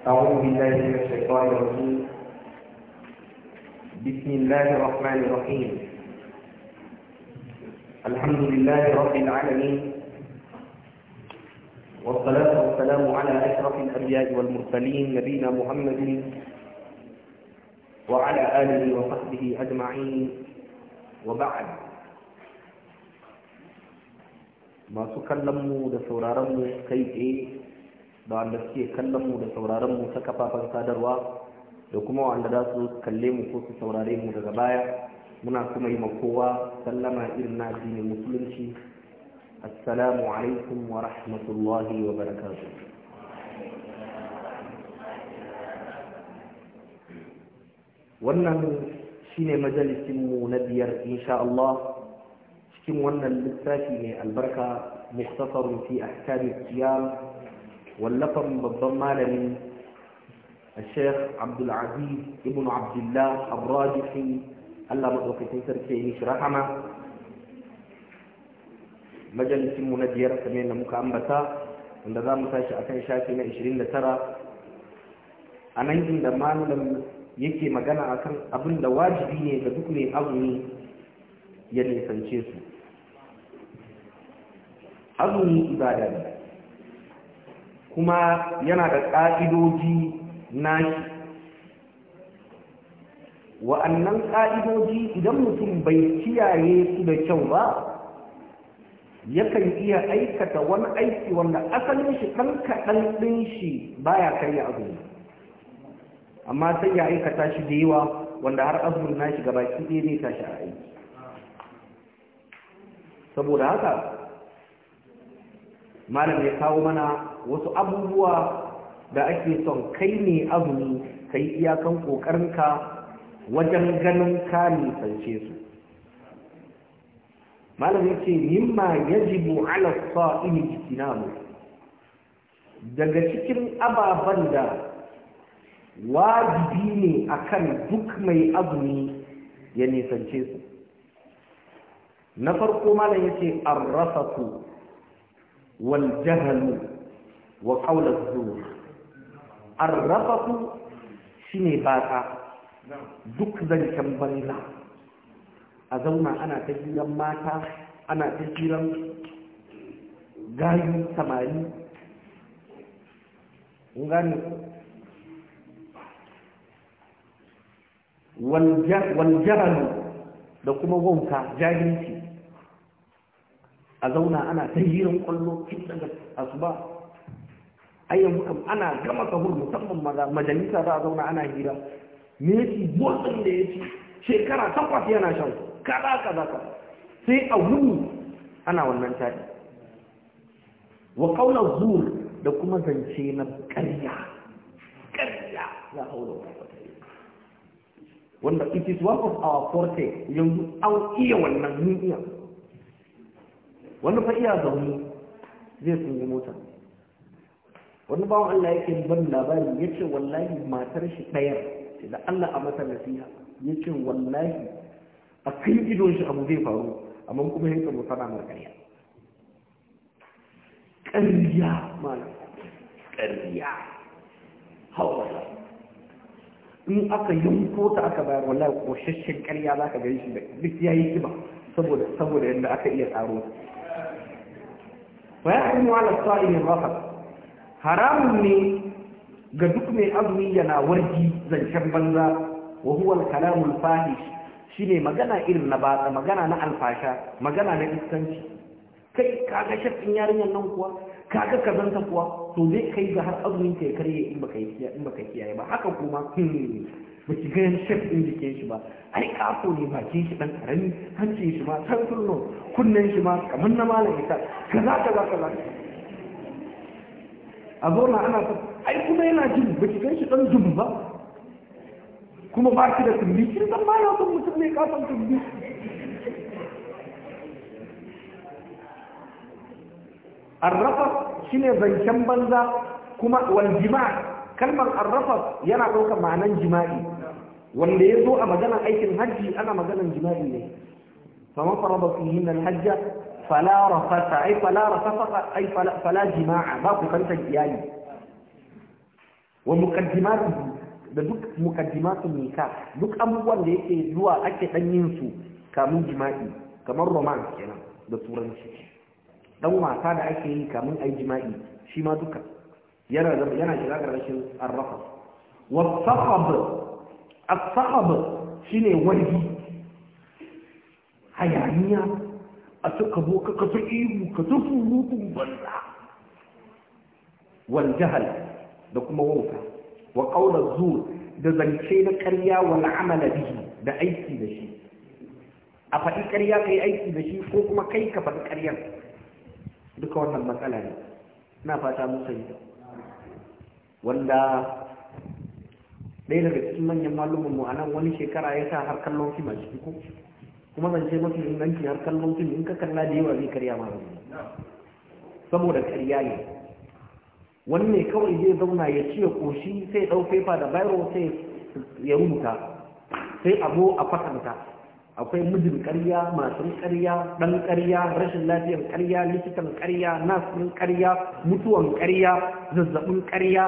أعوذ بالله من الشيطان الرجيم بسم الله الرحمن الرحيم الحمد لله رب العالمين والصلاة والسلام على أشرف الأنبياء والمرسلين نبينا محمد وعلى آله وصحبه أجمعين وبعد ما تكلموا لسورارموا كيف إيه da wanda suke kallon mu da sauraron mu ta kafafen sadarwa da kuma wanda za su kalle mu ko su saurare mu daga baya muna kuma yi kowa sallama irin na addinin musulunci assalamu alaikum wa rahmatullahi wa barakatu wannan shine majalisinmu na biyar insha Allah cikin wannan littafi mai albarka muktasarun fi ahkami siyam wallafan babban malami a sheikh abdulaziz ibn abdullah abrajifi allah maɗaukakin sarki ya shi rahama majalisinmu na biyar kamar da muka ambata wanda za mu tashi akan shafi na 29 a nan inda malam yake magana akan abin da wajibi ne ga duk mai azumi ya nisance su azumi ibada ne kuma yana da ƙa'idoji nashi wa'annan ƙa'idoji idan mutum bai kiyaye su da kyau ba yakan iya aikata wani aiki wanda asalin shi kan kaɗan ɗin shi baya karya azumi amma sai ya aikata shi da yawa wanda har azumin nashi gaba ki ɗaya ne tashi a aiki saboda haka malam ya kawo mana wasu abubuwa da ake son kai ne azumi kai iyakan kokarka wajen ganin ka nisance su malam ya ce mimma yajibu ala jikina jikinamu daga cikin ababen da wajibi ne akan duk mai azumi ya nisance su na farko malam ya ce rasa ku wal jahal wa qawl az-zur ar-rafatu shine baka duk zancen banza a zauna ana ta hiran mata ana ta hiran gayu samari gani da kuma wauta jahilci a zauna ana ta hirin kwallo cikin daga asuba ayyan ana gama sahur musamman maza majalisa za a zauna ana hira messi bolton da ya ci shekara takwas yana shan kaza kaza kaza sai a wuni ana wannan taɗi wa kaunar zuwa da kuma zance na ƙarya karya za a wula wanda it is one of our forte yanzu an iya wannan mun iya wani fa iya zaune zai sun yi mota wani bawan Allah yake ban labari ya ce wallahi matar shi ɗayar da Allah a mata nasiha ya ce wallahi a kai idon shi abu zai faru amma kuma ya kama fara mar ƙarya ƙarya malam ƙarya hawa in aka yanko ta aka bayar wallahi ko shashin ƙarya za ka gani shi da duk ya yi kiba saboda yadda aka iya tsaro wa ya ainihin haramun ne ga duk mai azumi yana wargi zancen banza wa huwa al-kalamul fahish shine magana irin na batsa magana na alfasha magana na iskanci kai kaga shakkin yarinyar nan kuwa kaga kazanta kuwa to zai kai ga har azumin ka ya karye in baka in baka kiyaye ba haka kuma hmm, ba ki ga shakkin jikin shi ba ai kafo ne bakin shi dan karami hancin shi ma san turno kunnen shi ma kamar na malam Ka kaza ka kaza a zauna ana ta ai kuma yana jin ba ki gan shi dan zubu ba kuma ba ki da tumbi kin san ma ya san mutum ne kasan tumbi shi shine zancen banza kuma wal jima' kalmar arrafa yana ɗaukar ma'anan jima'i wanda ya zo a maganar aikin hajji ana maganar jima'i ne faman faraba fihin alhajja fala rafasa ai ai fala jima'a ba ku kanta iyali wa muqaddimatu da duk muqaddimatu Mika, duk abubuwan da yake zuwa ake ɗan yin su kamun jima'i kamar romance kenan da turanci dan wasa da ake yi kamun a yi jima'i shi ma duka yana shiga ƙarƙashin arrafas wasahab shi ne wani hayaniya a suka boka ka ta ihu ka ta surutun banza wal jahal da kuma wauta wa ƙaunar zuwa da zance na ƙarya wal amala bihi da aiki da shi a faɗi ƙarya ka yi aiki da shi ko kuma kai ka faɗi ƙaryar duka wannan matsala ne na fata mun wanda ɗaya daga cikin manyan malumin mu a nan wani shekara ya sa har kallon fim a ciki ko kuma zan ce mafi inganci har kallon fim in ka kalla da yawa zai karya ma saboda karya ne wani ne kawai zai zauna ya ciye koshi sai ɗau fefa da bayro sai ya rubuta sai abu a fasanta akwai mijin ƙarya masu ƙarya ɗan ƙarya rashin lafiyar ƙarya likitan ƙarya nasirin ƙarya mutuwan ƙarya zazzabin ƙarya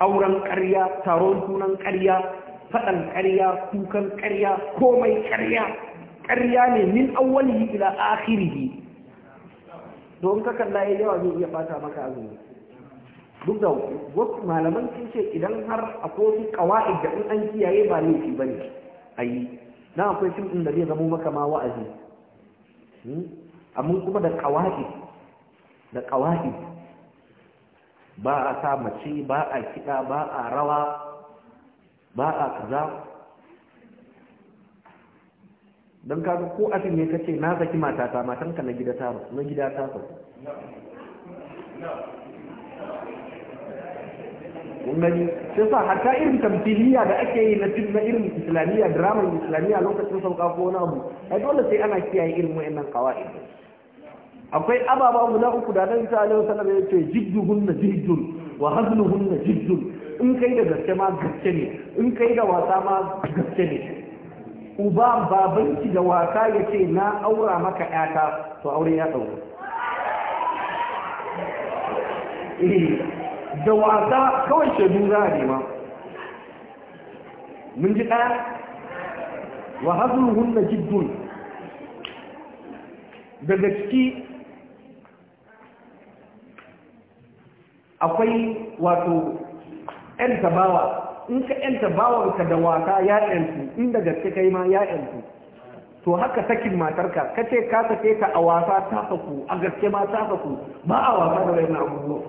auren ƙarya taron sunan ƙarya faɗan ƙarya kukan ƙarya komai ƙarya ƙarya ne min awwalihi ila akhirihi don ka kalla ya yawa zai iya fata maka azumi duk da wasu malaman sun ce idan har akwai wasu kawa'id da in an kiyaye ba laifi bane ayi na akwai fim ɗin da zai zamo maka ma wa'azi hmm? amma kuma da ƙawa'i da ba a sa mace ba a kiɗa ba a rawa ba a kaza don kaga ko a ne ka ce na saki matata matanka na gida ta na gida ta kun gani sa hatta irin tamfiliya da ake yi na na irin islamiyya dramar islamiyya lokacin sauka ko wani abu ai dole sai ana kiyaye irin wayannan kawai. akwai ababa guda uku da Annabi sallallahu alaihi wasallam ya ce jidduhunna jiddun wa hazluhunna jiddun in kai da gaske ma gaske ne in kai da wasa ma gaske ne uba babanki da wasa ya ce na aura maka 'yata, to aure ya tsawo da wasa kawai shaidu za a nema mun ji ɗaya wa hazluhun na jiddun daga ciki akwai wato ‘yan tabawa in ka ‘yan ka da wasa ya in da gaske kai ma ya to haka sakin matarka ka ce ka sake ka a wasa ta a gaske ma ta ba a wasa da wani abubuwa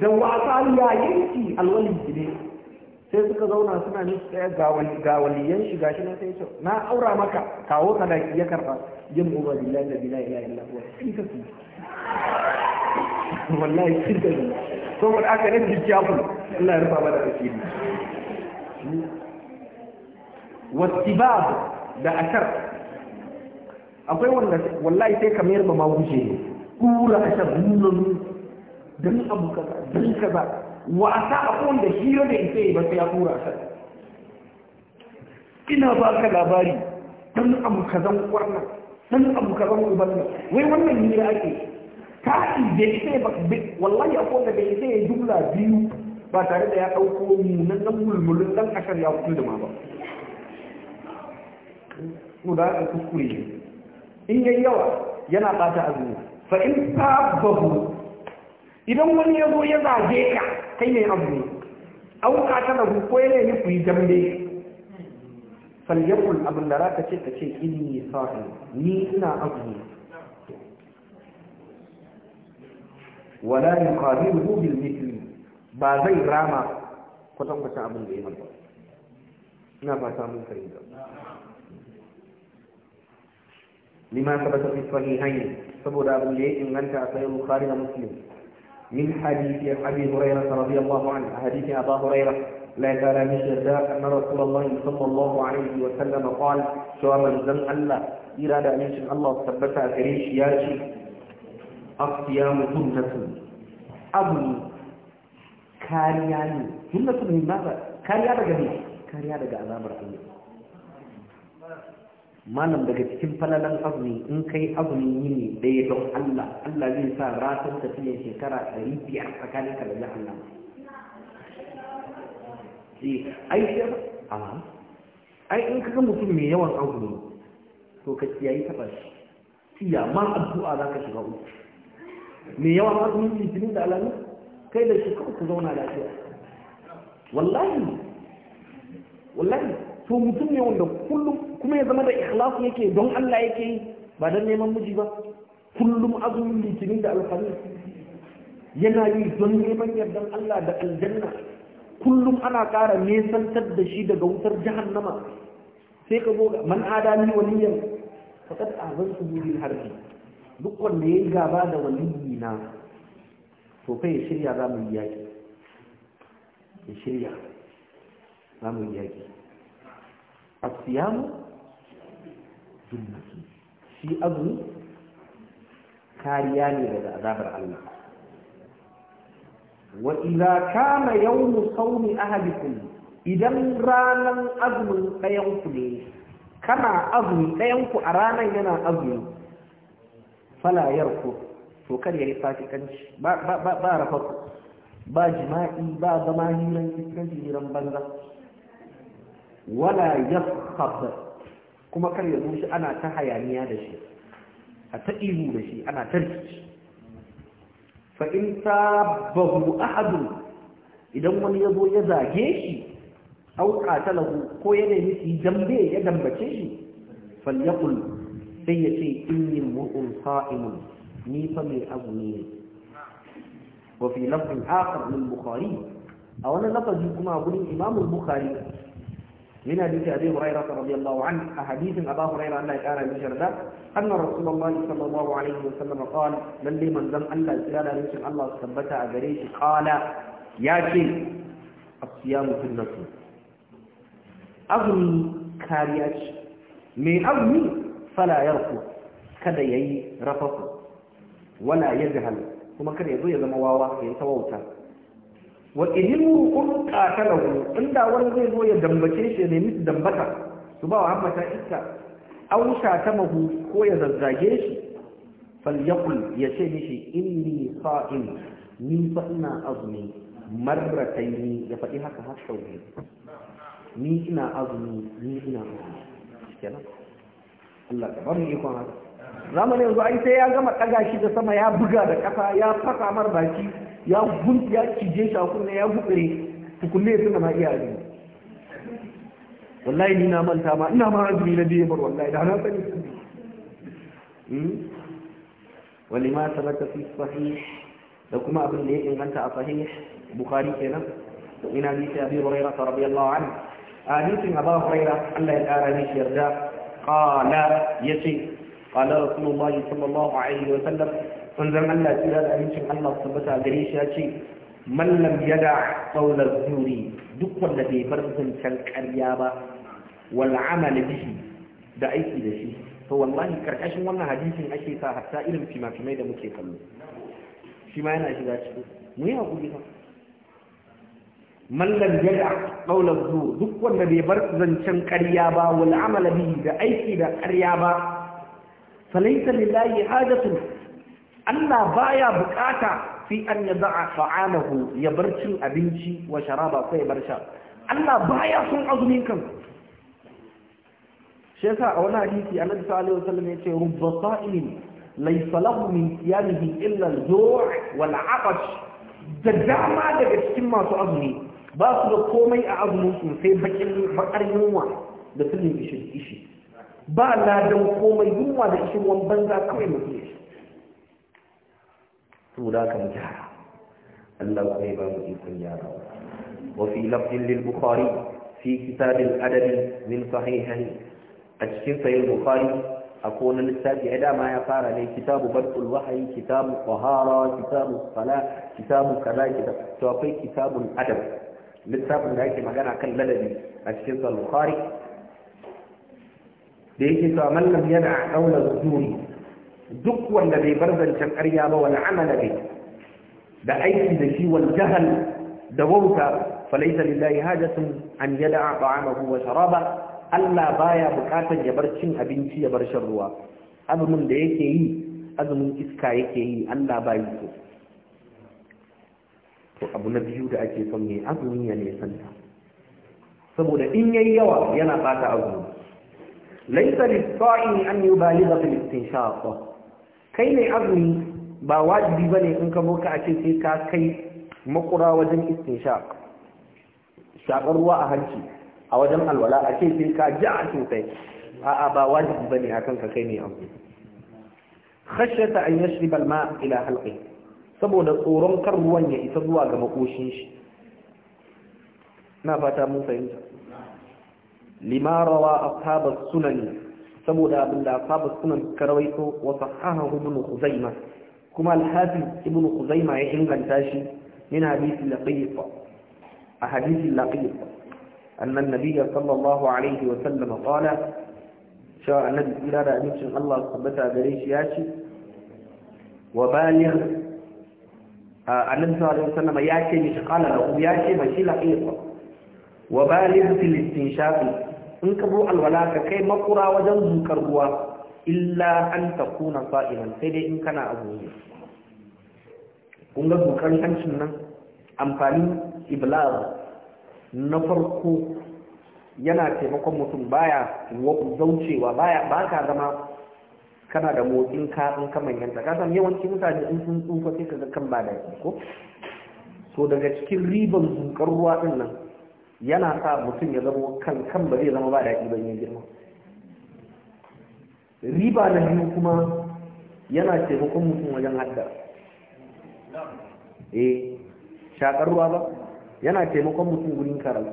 da wasa ya yanki alwalin ne sai suka zauna suna nufi tsaye ga waliyan shi gashi na sai na aura maka kawo ka da ya karba yin mubar billahi da billahi ila illa lafuwa. in ka su wallahi shirka ne saboda aka ne jikiyafu Allah ya rufa mana asiri wasibab da ashar akwai wanda wallahi sai kamar ba ma wuce ne kura ashar nuna don abu kaza don kaza wa a sa abuwan da hira da ita yi ba sai ya tura sa ina ba ka labari don abu kazan kwarnan don abu kazan ubannan wai wannan hira ake ta da ita ba wallahi akwai da ita ya jumla biyu ba tare da ya ɗauko munanan mulmulin ɗan ƙasar ya fito da ma ba ko da aka kuskure in yayi yawa yana ɓata azumi fa in sababu idan wani ya zo ya zage ka kai ne abu ne auka ta rabu ko ya ne ku yi dambe falyakul abin da raka ce ka ce inni sahi ni ina abu ne wala yuqabilu bil mithli ba zai rama kwatankwacin abin da ya manta ina ba ta mun fahimta lima sabata fi sahihain saboda abin da ya inganta a sayan bukhari da muslim من حديث أبي هريرة رضي الله عنه حديث أبا هريرة لا يزال من شرداء أن رسول الله صلى الله عليه وسلم قال شو من زن الله إرادة من الله ثبت أكريش ياشي الصيام سنة أبني كارياني سنة من ماذا كاريا بجميع كاريا بجميع أمر الله malam daga cikin falalan azumi in kai azumin yini ya don Allah Allah zai sa ratar tafiyar shekara ɗari biyar tsakanin ka da jahannan eh, ai sai ai in kaga mutum mai yawan azumi to ka kiyayi ta shi tiya ma addu'a za ka shiga uku mai yawan azumin litinin da alamu kai da shi kawai ku zauna lafiya wallahi wallahi to mutum ne wanda kullum kuma ya zama da ikhlasu yake don Allah yake yi ba don neman miji ba kullum azumin litinin da alhamis yana yi don neman yardan Allah da aljanna kullum ana ƙara nesantar da shi daga wutar nama. sai ka zo man adami waliyan zan su bil harbi duk wanda ya yayi gaba da waliyi na to kai shirya za mu yi yaki ya shirya za mu yi yaki asiyamu jinnatu shi azumi kariya ne daga azabar Allah wa idza kana yawmu sawmi ahadikum idan ranan azumin ɗayan ku ne kana azumi ɗayan ku a ranan yana azumi fala yarku to kar yayi fasikanci ba ba ba rafa ba jima'i ba zama hiran hiran banza wala yaskhab kuma kar ya zo shi ana ta hayaniya da shi a ta ihu da shi ana ta rikici fa in sabahu ahadun idan wani ya zo ya zage shi au qatalahu ko ya nemi shi dambe ya dambace shi falyaqul sai ya ce inni mu'un sa'imun ni mai azumi ne wa fi lafzin akhar bukhari a wani lafazi kuma gurin imamul bukhari من حديث أبي هريرة رضي الله عنه أحاديث أبا هريرة أن يقال المشردة أن رسول الله صلى الله عليه وسلم قال من لي من زم أن لا إسلال رسم الله ثبتها أجريش قال ياكي الصيام في النسل أغني كارياش من أغني فلا يرفض kada ya yi rafafu wala ya jihal kuma kada ya zo ya zama wawa ya yi tawauta wa ihimu kun qatalahu inda wani zai zo ya dambace shi ne musu dambata su ba wa hammata iska aw mahu ko ya zazzage shi yaqul ya ce mishi inni sa'im ni fa ina azumi marrataini ya faɗi haka har sau biyu ni ina azumi ni ina azumi kenan Allah ka ba ikon haka zamanin yanzu ai sai ya gama ɗaga shi da sama ya buga da ƙasa ya fasa mar baki ya gunti ya cije shi a kunne ya gubire tukunne sun gama iya ne wallahi ni na manta ma ina ma azumi na biyu bar wallahi da na sani hmm? wani ma ta baka fi sahi da kuma abin da ya inganta a sahi bukari kenan ina ni sai abin rairar ta rabi yallawa A hadisin a ba rairar allah ya kara ni yarda kala ya ce kala rasulullahi sallallahu alaihi wa sallam manzon Allah tsira da amincin Allah su tabbata gare shi ya ce mallam yada qawla zuri duk wanda bai bar zancen ƙarya ba wal amal bihi da aiki da shi to wallahi karkashin wannan hadisin ake sa hatta irin fima-fimai da muke kallo shi ma yana shiga ciki mu yi haƙuri ba mallan yada qawla zuwa duk wanda bai bar zancen ƙarya ba wal amala bihi da aiki da ƙarya ba falaysa lillahi hajatun Allah baya bukata fi an ya za'a fa'anahu ya bar cin abinci wa sharaba sai ya bar sha Allah baya son azumin kan shi yasa a wani hadisi Annabi sallallahu alaihi wasallam ya ce rubba sa'imin laysa lahu min siyamihi illa al-ju' wal da dama daga cikin masu azumi ba su da komai a azumin su sai bakin bakar yunwa da filin ishi ba ladan komai yunwa da ishin wan banza kawai mutum ya saboda kan gyara Allah ba zai ba mu ikon gyara wa fi lafzin lil bukhari fi kitabin adadin min sahihain a cikin sahih bukhari akwai wani littafi ya dama ya fara ne kitabu barkul wahayi kitabu qahara kitabu sala kitabu kaza kitab to akwai kitabun adab lissafin da yake magana kan ladabi a cikin sahih bukhari da yake to man lam yada qawla zuri duk wanda bai bar zancen ƙarya ba wani amala bai da aiki da shi wal jahal da wauta falaisa lillahi hajatun an yada'a ta'amahu wa sharaba Allah baya bukatar ya bar cin abinci ya bar shan ruwa azumin da yake yi azumin iska yake yi Allah ba yi so to abu na biyu da ake son yi azumin ya nesanta saboda in yayi yawa yana bata azumi laisa lis-sa'imi an yubaligha fil istinshaq kai ne azumi ba wajibi ba ne in ka boka a ce sai ka kai makura wajen sha. shakar ruwa a hanci a wajen alwala a ce sai ka ji a sosai a'a ba wajibi ba ne a kanka kai ne azumi khashyata an yashriba balma ila halqi saboda tsoron kan ruwan ya isa zuwa ga makoshin shi na fata mun fahimta lima rawa ashabas sunani سبود ابن الاصاب السنن كرويته وصححه ابن خزيمه كما الحافظ ابن خزيمه يحيى البنتاشي من حديث لقيط احاديث لقيط ان النبي صلى الله عليه وسلم قال شاء النبي الى رأيه الله ثبت عليه ياشي وبالغ النبي صلى الله عليه وسلم ياكي قال له ماشي لقيط وبالغ في الاستنشاق in ka alwala ka kai makura wajen zukar ruwa illa an ta kuna sa'iman sai dai in kana a kun zukar hancin nan amfani, iblar na farko yana taimakon mutum baya zaucewa ba ka zama kana da motsin ka in ka manyanta ka sami yawanci mutane in sun tsufa sai ka ga kan ba da ko so daga cikin ribar zukar ruwa din nan yana sa mutum ya zama kan kan ba zai zama ba daɗi ba yin girma riba na biyu kuma yana taimakon mutum wajen haddar eh shakar ruwa ba yana taimakon mutum wurin karar.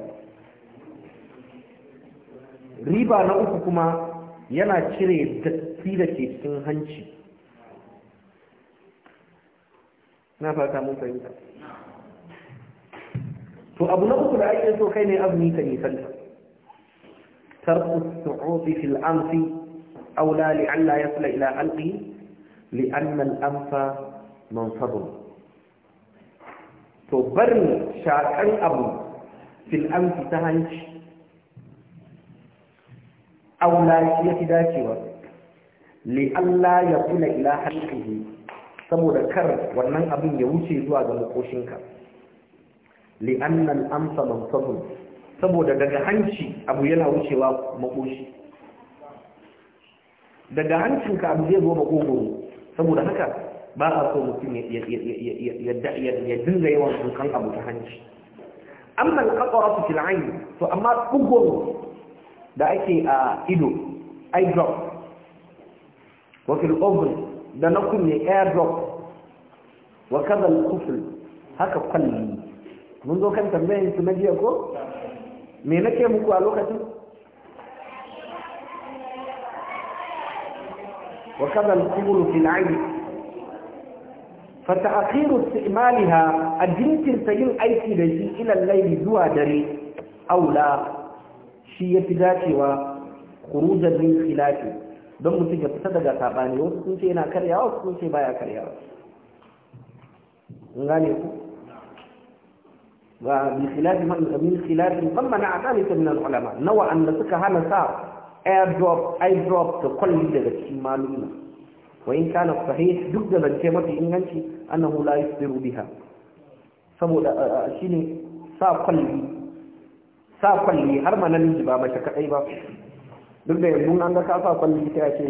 riba na uku kuma yana cire datti da ke cikin hanci na fata mun fahimta to abu na uku da ake so kai ne azumi ka nisan tarku su'udi fil amsi aula li alla yasla ila alqi li anna al amsa mansabun to barin shakan abu fil amsi ta hanci aula ya fi dacewa li alla yasla ila halqihi saboda kar wannan abin ya wuce zuwa ga makoshinka Li'annan al-amsa mumtazun saboda daga hanci abu yana wucewa makoshi daga hancinka abu zai zo makogoro saboda haka ba a so mutum ya dinga yawan dukan abu ta hanci amma al-qatara fi al to amma kugoro da ake a ido eye drop wakil oven da na kunne air drop wa kaza kufin haka kwalli mun zo kan tambayin su na jiya ko me nake muku a lokacin wa al-kubur fil وكذا القبول في العين فتأخير استعمالها الجنس سيين أيكي لشي إلى الليل زوى دري أو لا شي dacewa وخروجا min khilafi don mutum ya fita daga sabani wasu sun ce yana karyawa wasu sun ce baya karyawa gane ku min khilafi min khilafi man mana zalika min al nawa an da suka hana sa airdrop airdrop da kwalli daga cikin malumma wa in kana sahih duk da zance mafi inganci annahu la yusbiru biha saboda shine sa kulli sa kulli har ma ba mace kadai ba duk da yanzu an ga ka kwalli ta sai ce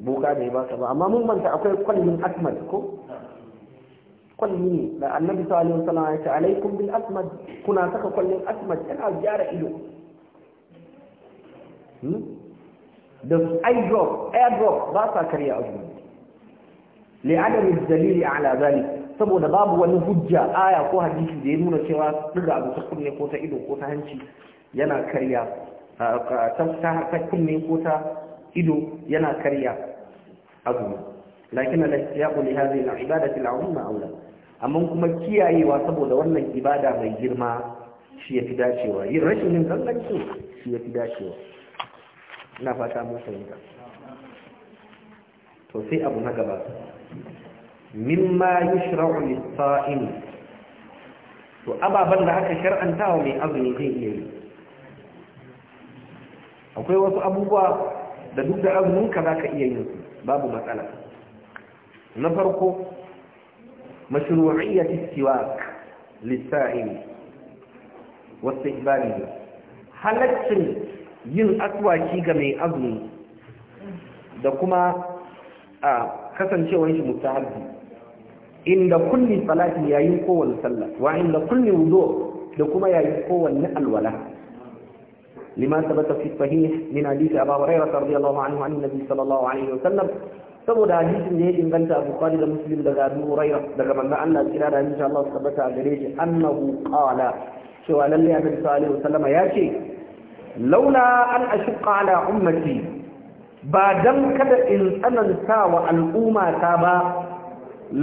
boka ne ba ka ba amma mun manta akwai kwallin akmal ko kwalli ne da annabi sallallahu alaihi wasallam ya ce alaikum bil asmad kuna saka kwallin asmad yana gyara ido da eye drop air drop ba sa karya azumi li adam dalili ala zalik saboda babu wani hujja aya ko hadisi da ya nuna cewa duka abu ta kunne ko ta ido ko ta hanci yana karya ta kunne ko ta ido yana karya azumi lakin al-ihtiyaq li hadhihi al-ibadati al-'azima aula amma kuma kiyayewa saboda wannan ibada mai girma shi ya fi dacewa yin rashin yin kankanci shi ya fi dacewa ina fata mun ta. to sai abu na gaba Min ma yi lis lissa'in to ababan da aka shar'anta wa mai azumi zai iya yi akwai wasu abubuwa da duk da azumin ka ka iya yin su babu matsala na farko مشروعية السواك للسائل واستقباله halaccin yin aswaki ga mai azumi da kuma a kasancewar shi mustahabbi inda kulli salati yayin kowanne sallah wa inda kulli wudu da kuma yayin kowanne alwala lima sabata fi sahih min hadith Abu Hurairah radiyallahu anhu an Nabi sallallahu alaihi wasallam saboda hadisin ne ya inganta a bukari da muslim daga abu huraira daga manzo Allah kira da insha Allah su tabbata a gare shi annahu qala cewa lalle annabi sallallahu alaihi wasallam ya ce launa an ashqa ala ummati ba dan kada in tsananta wa al'umma ta ba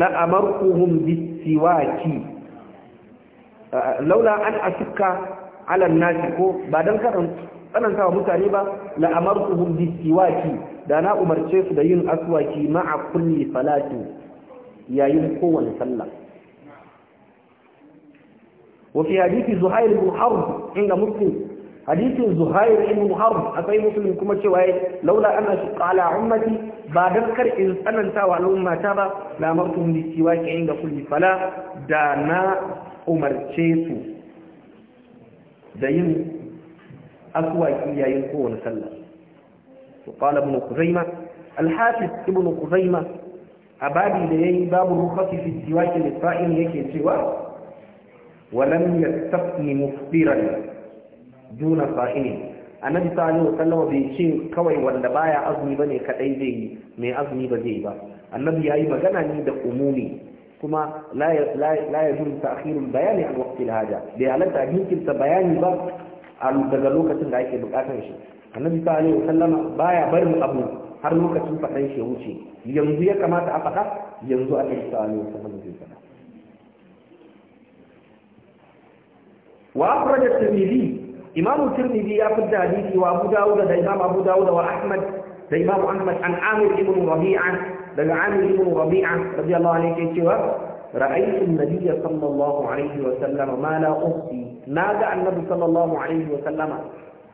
la amartuhum bisiwaki laula an ashqa ala an-nas ko ba dan kada tsananta wa mutane ba la amartuhum bisiwaki da na umarce su da yin aswaki ma a kulli salatu yayin kowane sallah wa fi hadithi zuhair ibn harb inda muslim hadithi zuhair ibn harb akwai muslim kuma cewa yayi laula anna shaqqa ala ummati ba kar in tsananta wa al'umma ta ba la martum bi siwaki inda kulli fala? da na umarce su da yin aswaki yayin kowane sallah وقال ابن خزيمة الحافظ ابن خزيمة أبابي لي باب الرخص في السواك للصائم يكي سوى ولم juna مفطرا دون صائم annabi sallallahu alaihi wasallam bai ce kawai wanda baya azumi ba ne kadai zai yi mai azumi ba zai ba annabi ya yi magana ne da umumi kuma la la yajuz ta'khirul bayani an waqti al-haja bai halatta jinkirta bayani ba daga lokacin da ake bukatar shi annabi sallallahu alaihi wasallam baya barin abu har lokacin fadan shi ya wuce yanzu ya kamata a fada yanzu annabi sallallahu alaihi wasallam zai faɗa wa akhraj at-tirmidhi imam at-tirmidhi ya fitta hadisi wa abu dawud da imam abu dawud wa ahmad da imam ahmad an amir ibn rabi'a daga amir ibn rabi'a radiyallahu anhu yake cewa رأيت النبي صلى الله alaihi وسلم ma la أخفي naga annabi sallallahu alaihi عليه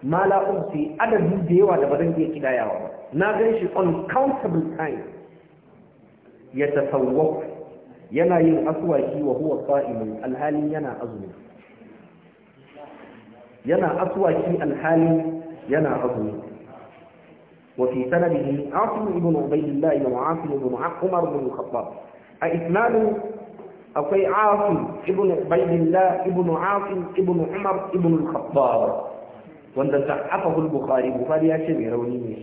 mala la umsi adadin da yawa da ba zan iya kidayawa ba na gan shi uncountable time ya tasawwaf yana yin aswaki wa huwa sa'imun alhali yana azumi yana aswaki alhali yana azumi وفي سنده عاصم بن عبيد الله وعاصم بن Umar بن الخطاب A أو akwai ابن عبيد الله ابن عاصم ابن Umar, ابن الخطاب wanda sa'afahul bukhari bukhari ya ce mai rauni ne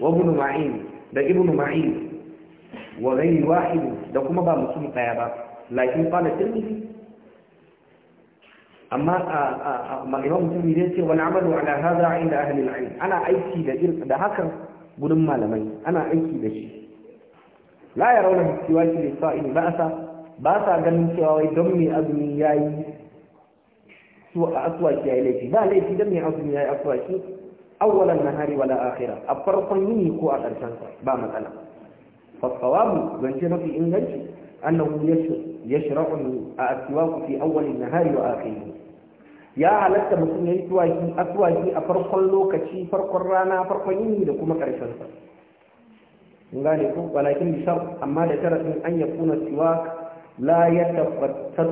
wa ibn ma'in da ibn ma'in wa ghayr wahid da kuma ba mutum daya ba lakin qala tirmidhi amma amma imam mutum ne ce wal amalu ala hadha inda ahli al-ilm ana aiki da da hakan gudun malamai ana aiki da shi la yarawna bi siwaki li sa'il ba'sa ba sa ganin cewa wai don mai azumi yayi su a asuwaki ya yi laifi ba laifi don mai azumi ya yi asuwaki? aswaki awwalan hari wala akhira a farkon yini ko a ƙarshen ba matsala fasawabu zance mafi inganci annahu a al ku fi awwal na hari wa akhirih ya halatta mutum yayi tuwaki aswaki a farkon lokaci farkon rana farkon yini da kuma ƙarshen sa gane ku? walakin bi shar amma da tara sharadin an yakuna siwak la yatafattat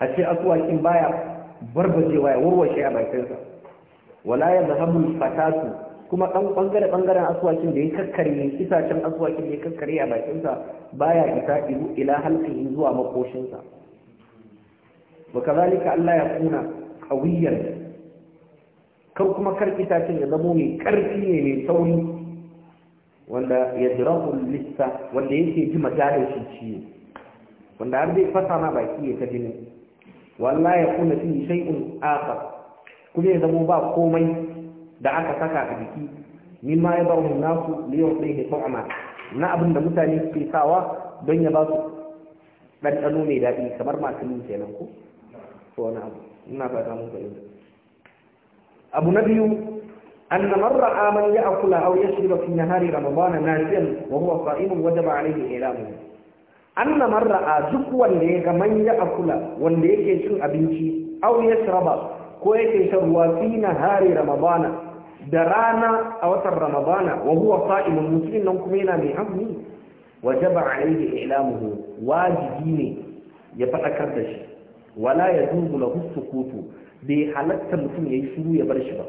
a ce asuwakin baya barbajewa ya warwashe a bakinsa wala ya zahabu fatatu kuma an ɓangare ɓangaren asuwakin da ya kakkarye itacen asuwakin da ya kakkarye a bakinsa baya isa ilu ila halkihi zuwa makoshinsa wa kazalika Allah ya kuna qawiyan kar kuma kar itacen ya zamo mai karfi ne mai sauri wanda ya jirahu lissa wanda yake ji majalisin shi wanda har zai fasa ma baki ya ta jini walla ya kuna fi shay'un akhar kuma ya zama ba komai da aka saka a jiki ma ya ba'u nasu li yudihi ta'ama na abin da mutane suke sawa don ya ba su ɗanɗano mai daɗi kamar masu kenan ko to wani abu ina fata mun fahimta abu na biyu أن من رأى من يأكل أو يشرب في نهار رمضان ناسيا وهو صائم وجب عليه إعلامه anna a duk wanda ya ga manya akula wanda yake cin abinci ya yasraba ko yake shan ruwa fi hari ramabana, da rana a watan ramadana wa huwa sa'imun muslimin nan kuma yana mai ba wajaba alayhi i'lamuhu wajibi ne ya fadakar da shi wala ya na lahu kotu. bai halatta mutum yayi shiru ya bar shi ba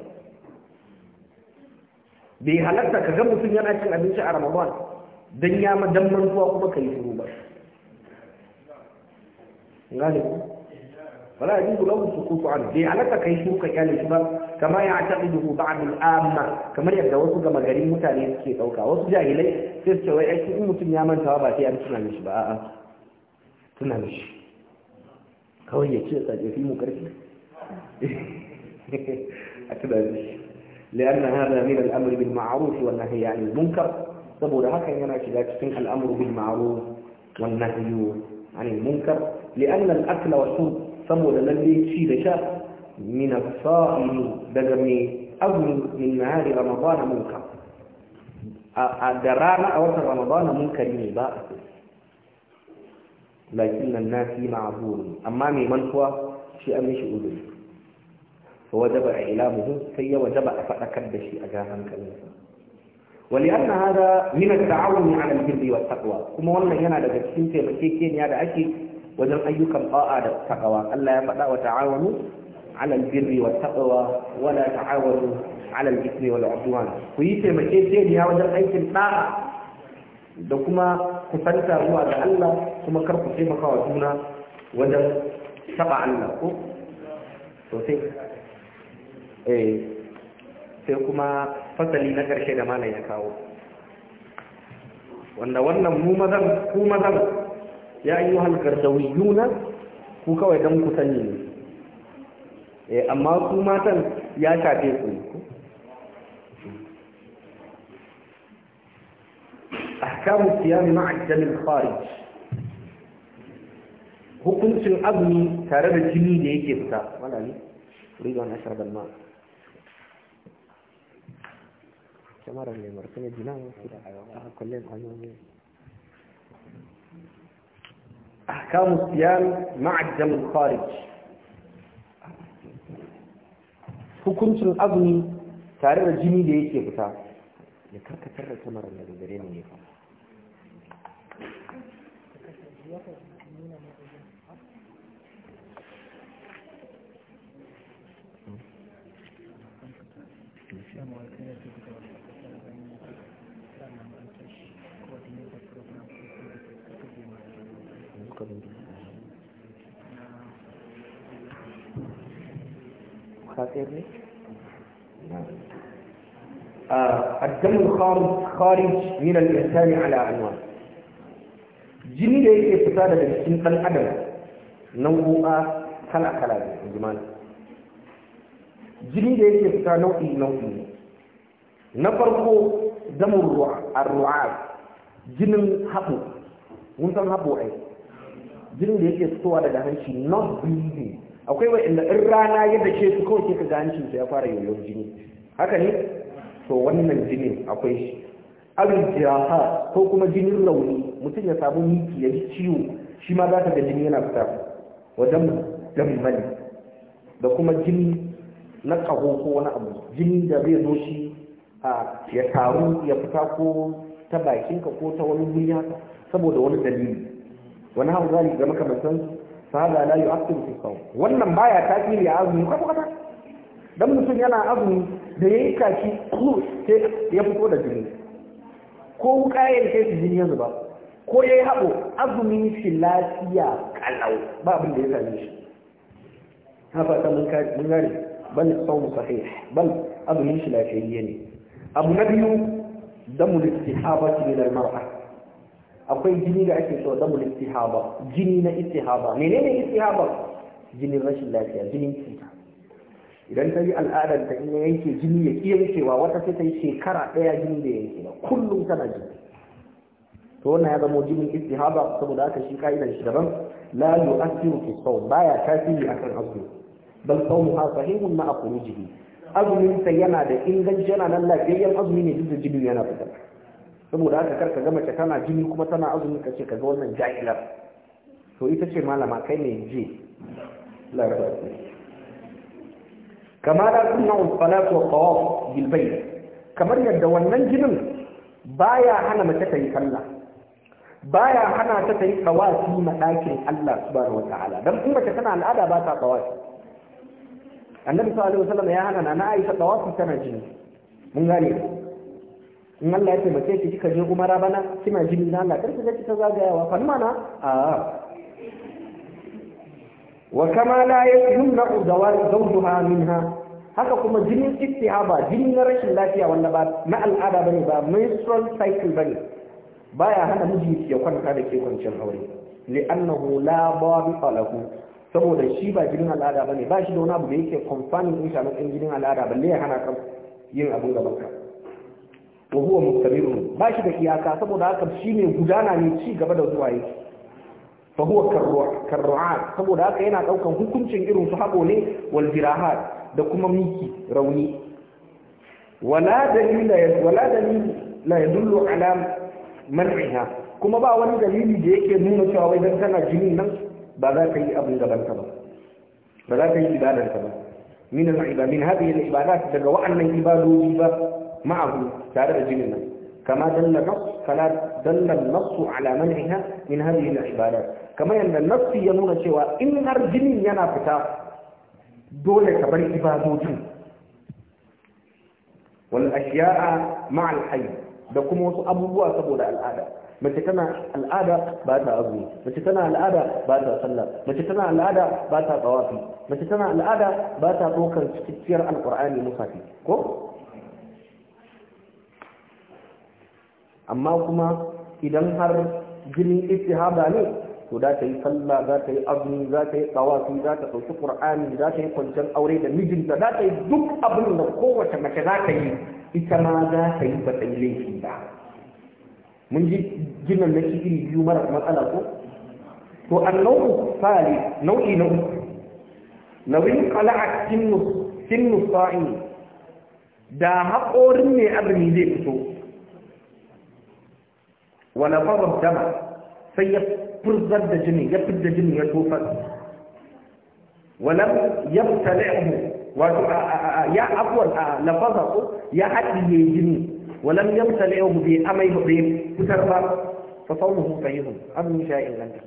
bai halatta ga mutum yana cin abinci a ramadan dan ya madan mantuwa kuma yi shiru ba غالب يجوز له السكوت عنه جعلت كيف شوك يعني شباب كما يعتقده بعض الآمة كما يبدا وصوك مغاري متاليس كي توقع وصوك جاهي لي سيسك ويأيش أمو تنيامان تواباتي أم أه، تنامش بقى تنامش كوي يتشي تجي طيب، في مكرك أتبادش لأن هذا من الأمر بالمعروف والنهي عن المنكر طب ولها كان يناك ذات تنحى الأمر بالمعروف والنهي عن المنكر لأن الأكل والشرب سمو للي شي دشا من الصائم دغمي أو من نهار رمضان منكر. الدرانة أو رمضان منكر لنباء لكن الناس معذور أمامي من هو شيء مش أذن فوجب إعلامه سي وجب فأكد شيء أجاهم كنيسا ولأن هذا من التعاون على البر والتقوى ثم والله هنا لقد سنتي كيني هذا أشيء wajen ayyukan ba'a da takawa Allah ya faɗa wa ta'awanu alal birri wa taqwa wala ta'awanu alal ismi wal udwan ku yi ya wajen aikin da'a da kuma ku kusanta ruwa ga Allah kuma kar ku taimaka wa juna wajen saba Allah ko sai eh sai kuma fasali na ƙarshe da malai ya kawo wanda wannan mu mazan ku mazan ya yi halkar yuna ku kawai dan ku sani ne amma ku matan ya tafe ku ahkamu siyami ma'ajjalin kharij hukuncin azumi tare da jini da yake fita wala ne riga na ma kamar أحكام الصيام مع الدم الخارج حكم الأغني تعرف الجميع اللي يا بتاع يكرك ترى تمر اللي بدرين يفهم Thank you. الدم الخارج من الإنسان على أنواع jini da yake fita daga cikin ɗan adam nau'u'a kala kala ne in jimala jini da yake fita nau'i nau'i ne na farko damun ru'a jinin haɓo mun san haɓo ai jinin da yake fitowa daga hanci not breathing akwai wa inda in rana yadda ke su kawai ka ga hancin ya fara yoyon jini haka ne to wannan jinin akwai shi abin jiraha ko kuma jinin rauni mutum ya samu miki ya ciwo shi ma za ka ga jini yana fita wajen dammali da kuma jini na kaho ko wani abu jini da zai zo shi ya taru ya fita ko ta bakinka ko ta wani wuri saboda wani dalili wani hau zalik da makamantan fada la yu'athiru fi sawm wannan baya tasiri a azumi kwata kwata dan mutum yana azumi da ya yayi kashi sai ya fito da jini ko wuka ya kai su jini ya zuba ko ya yi haɓo, azumin shi lafiya kalau ba abin da ya same shi Na ta mun kai mun gane bal sawm sahih bal azumin shi lafiya ne abu na biyu mu damu istihaba min al-mar'a akwai jini da ake so damul istihaba jini na istihaba menene istihaba jinin rashin lafiya jinin cuta idan ta yi al'adar ta in yanke jini ya ki yankewa wata sai ta yi shekara ɗaya jini da yanke ba kullum tana jini to wannan ya zama jinin istihaba saboda aka shi ka'idar shi daban la yu'athiru fi sawm baya tasiri akan azumi bal ha sahihun ma'a khuruji azumin sa yana da inganci yana nan lafiyayyen azumi ne duk da jini yana fitar saboda haka karka ga mace tana jini kuma tana azumi ka ce ka ga wannan jahilar to ita ce malama kai ne je larabar Kamar da sunna salatu wa tawaf Gilbai, kamar yadda wannan jinin baya hana mace ta yi sallah baya hana ta ta yi tawafi ma dakin Allah subhanahu ala, don in mace tana al'ada ba ta tawafi annabi sallallahu alaihi wasallam ya hana na na Aisha tawafi tana jini mun gane in Allah ya taimake ki kika je umara bana kina jini na Allah karki zaki ta zagayawa fa mana a wa kama la yumna zawar zawjuha minha haka kuma jinin istihaba jini na rashin lafiya wanda ba na al'ada bane ba menstrual cycle bane baya hana miji ya kwanta da ke kwanciyar aure li'annahu la babu lahu saboda shi ba jinin al'ada bane ba shi da wani abu da yake confirming insha Allah jinin al'ada balle ya hana ka yin abun gaban ka wa huwa mustamirun ba shi da iyaka saboda haka shi ne gudana ne ci gaba da zuwa yake fa huwa karru'at saboda haka yana daukan hukuncin irin su hago ne wal jirahat da kuma miki rauni wala dalila wala dalila yadullu ala man'iha kuma ba wani dalili da yake nuna cewa wai dan kana jinin nan ba za ka yi abin gaban ka ba ba za ka yi ibadar ka ba min al-ibadat min hadhihi al-ibadat daga wa'annan ibadoji ba ma'ahu tare da jinin nan kama dalla nafs kala dalla nafsu ala man'iha kama yanda nafsi ya nuna cewa in har jinin yana fita dole ka bar ibadojin wal ashiya'a ma'a da kuma wasu abubuwa saboda al'ada mace tana al'ada ba ta azumi mace tana al'ada ba ta sallah mace tana al'ada ba ta tsawafi mace tana al'ada ba ta dokan cikakkiyar alqur'ani musafi ko amma kuma idan har jinin istihaba ne to za ta yi sallah za ta yi azumi za ta yi tsawafi za ta sauki ƙur'ani za ta yi kwanciyar aure da mijinta za ta yi duk abin da kowace mace za ta yi ita ma za ta yi bata yi laifi ba mun ji jinan na iri biyu mara matsala ko to annau sali nau'i na uku nawin qala'at sinnu sinnu sa'in da haƙorin ne azumi zai fito wani farar dama sai ya furzar da jini ya fidda jini ya tofar walam ya fitale'uhu wato ya afuwar a ko ya ya yi jini walam ya mu bai amai ba bai fitar ba fa saunuhu an azumi sha inganta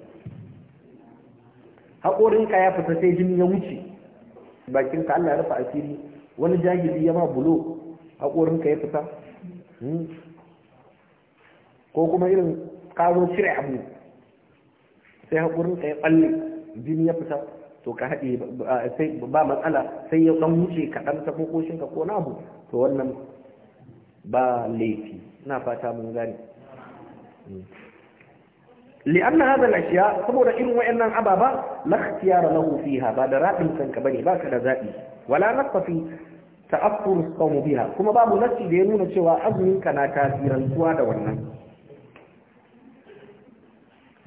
ka ya fita sai jini ya wuce bakinka Allah ya rufe asiri wani jahili ya ma bulo haƙorin ka ya fita hmm? ko kuma irin kazo cire abu sai hakurin ka ya balle jini ya fita to ka haɗe sai ba matsala sai ya ɗan wuce ka ɗan ta kokoshin ka ko nabu to wannan ba laifi Ina fata mun gane li anna hadha saboda irin wayannan ababa la ikhtiyara lahu fiha ba da rabin san ka ba baka da zabi wala nafsa fi ta'akkur kuma babu nafsi da ya nuna cewa azmin ka na zuwa da wannan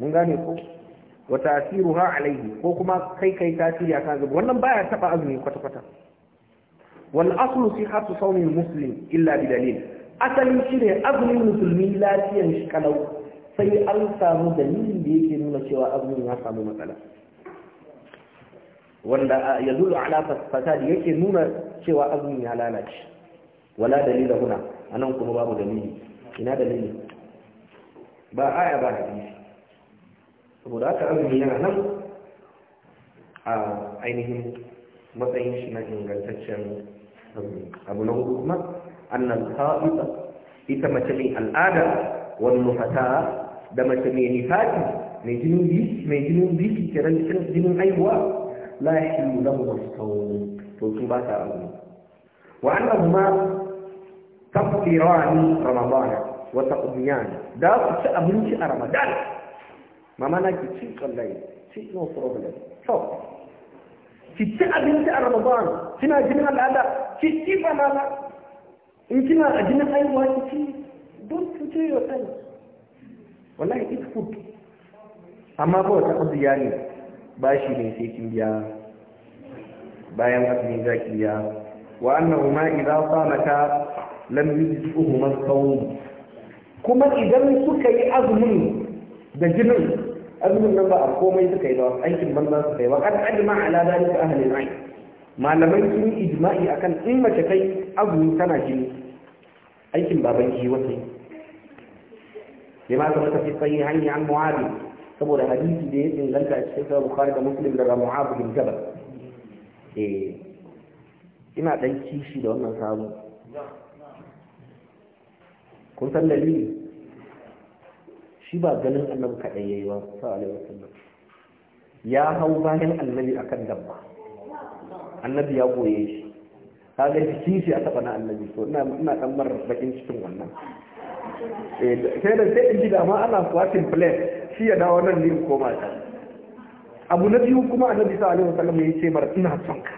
mun gane ko wa tasiruha alaihi ko kuma kai kai tasiri akan azumi wannan baya taba azumi kwata kwata wal aslu sihhatu sawmi muslim illa bi dalil asalin shine azumin musulmi lafiyan shi kalau sai an samu dalilin da yake nuna cewa azumin ya samu matsala wanda ya zulu ala fasadi yake nuna cewa azumin ya lalace wala dalila huna anan kuma babu dalili ina dalili ba aya ba hadisi saboda haka azumi yana nan a ainihin matsayin shi na ingantaccen abu na hudu kuma annal ha'ita ita mace mai al'ada wani mufata da mace mai nifati mai jinin biki mai jinin biki kiran jinin aihuwa la yahillu lahu as-sawm to su ba ta azumi wa annahuma tafsirani ramadana wa taqdiyan da su ci abinci a ramadana Mamana ki ci wallahi ci no problem to ki ci abinci a ramadan kina jinin al'ada ki ci banana in kina a jinin haihuwa ki ci don't enjoy your time wallahi eat food amma ba wata ƙudiya ne ba shi ne sai kin biya bayan azumi za ki biya wa annahu ma idza samaka lam yujzuhu man kuma idan suka yi azumin da jinin azumin nan ba a komai suka yi ba aikin banza suka yi ba kan ajma ala dalika ahli al malaman kin yi ijma'i akan in mace kai azumi tana jini aikin baban ki wata lima zama fi sai hanya an mu'abi saboda hadisi da ya inganta a cikin sahih bukhari da muslim daga mu'abi bin jabal eh ina dan kishi da wannan sabu. kun san dalili shi ba ganin annabi kaɗai ya yi ba sallallahu alaihi ya hau bayan annabi akan dabba annabi ya goye shi ka ga jikin shi a taɓa na annabi so ina ina dan mar bakin cikin wannan eh sai da sai in ji da ma ana kwatin plan shi ya dawo nan ne koma ta abu na biyu kuma annabi sallallahu alaihi wasallam ya ce mara ina son ka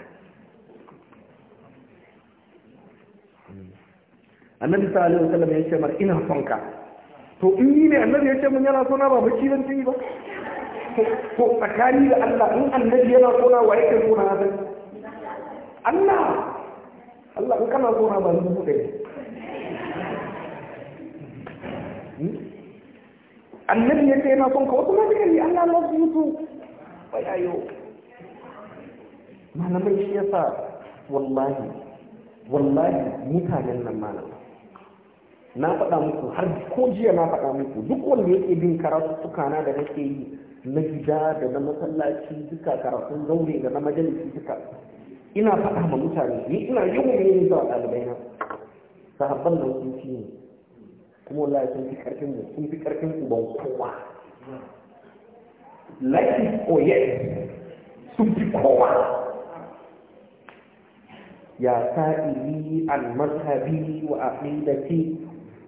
annabi sallallahu alaihi wasallam ya ce mar ina son ka to in ni ne annabi ya ce mun yana suna ba bacci zan ci ba to tsakani da Allah in annabi yana suna wa yake suna na Allah Allah in kana suna ba zan buɗe hmm? annabi ya ce yana son ka wasu mafi gani Allah na su yutu bai ayo malamai shi yasa wallahi wallahi mutanen nan malamai na faɗa muku har ko jiya na faɗa muku duk wanda yake bin karatuttuka na da nake yi na gida da na masallaci duka karatun zaure da na majalisi duka ina faɗa ma mutane ni ina yawan yin zuwa ɗalibai na sahabban nan sun fi ne kuma wallahi sun fi karfin mu sun fi karfin ban kowa laifin is oye sun fi kowa ya sa'ili al-mazhabi wa aqidati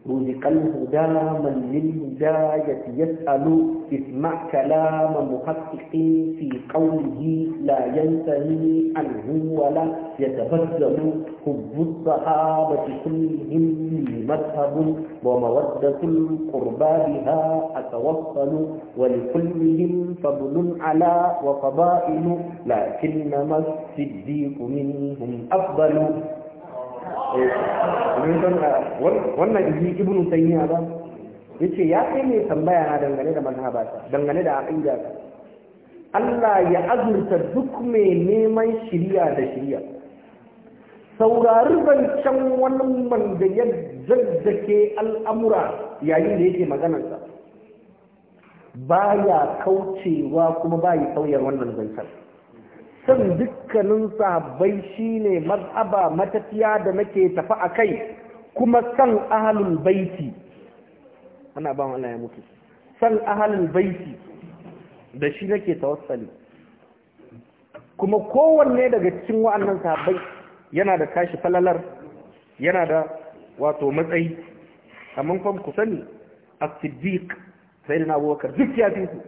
رزق الهدى من للهداية يسأل اسمع كلام محقق في قوله لا ينتهي عنه ولا يتبدل حب الصحابة كلهم مذهب ومودة القربى بها أتوصل ولكلهم فضل على وفضائل لكنما الصديق منهم أفضل wannan ji ibnu taymiya ba Ya ce ya kai mai tambaya na dangane da mazhaba dangane da aqida Allah ya azurta duk mai neman shirya da shirya. saurari zancen wani man ya zazzake al'amura yayin da yake maganarsa ba ya kaucewa kuma ba ya sauyar wannan zancen san dukkanin sahabbai shine mazhaba matafiya da nake tafi a kai kuma san ahalul baiti ana ba Allah ya mutu san ahalin baiti da shi nake tawassali kuma kowanne daga cikin wa'annan sahabbai yana da tashi falalar yana da wato matsayi amma kuma ku sani as-siddiq sayyidina abubakar duk ya fi su